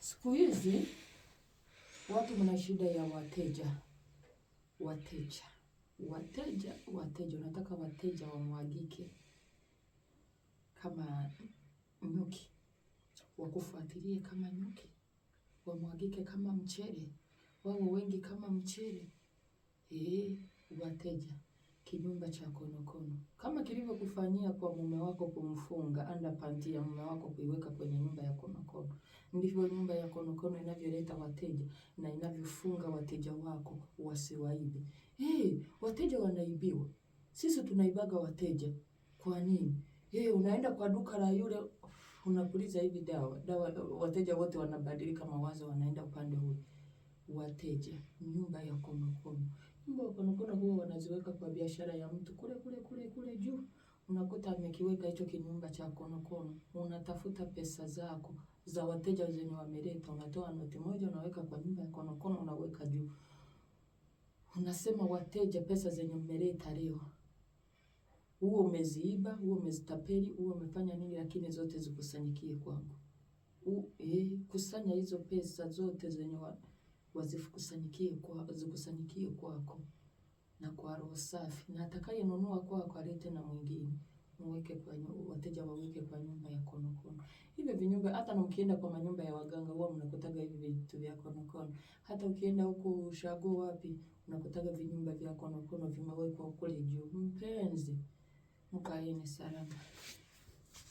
Siku hizi watu mna shida ya wateja, wateja, wateja, wateja. Unataka wateja wamwagike kama nyuki, wakufuatilie kama nyuki, wamwagike kama mchele, wao wengi kama mchele. Eh, wateja kijumba cha konokono, kama kilivyokufanyia kwa mume wako kumfunga andapanti ya mume wako kuiweka kwenye nyumba ya konokono, ndivyo nyumba ya konokono inavyoleta wateja na inavyofunga wateja wako wasiwaibe. Hey, eh, wateja wanaibiwa, sisi tunaibaga wateja. Kwa nini? Hey, eh, unaenda kwa duka la yule unapuliza hivi dawa dawa, wateja wote wanabadilika mawazo, wanaenda upande ule. Wateja, nyumba ya konokono Mbwa konokono huwa wanaziweka kwa biashara ya mtu kule kule kule kule juu, unakuta amekiweka hicho kinyumba cha konokono. Unatafuta pesa zako za wateja zenye wameleta, unatoa noti moja, unaweka kwa nyumba ya konokono, unaweka juu, unasema wateja, pesa zenye mmeleta leo huo umeziiba, huo umezitapeli, huo umefanya nini, lakini zote zikusanyikie kwangu. U, eh, kusanya hizo pesa zote zenye wa, wazikusanyikie kwa, zikusanyikie kwako na kwa roho safi, na atakayenunua kwako alete na mwingine muweke kwa wateja waweke kwa nyumba ya konokono. Hivyo vinyumba hata na ukienda kwa manyumba ya waganga huwa mnakutaga hivi vitu vya konokono. Hata ukienda huko ushago wapi unakutaga vinyumba vya konokono vimewekwa kule juu. Mpenzi, mkaeni salama.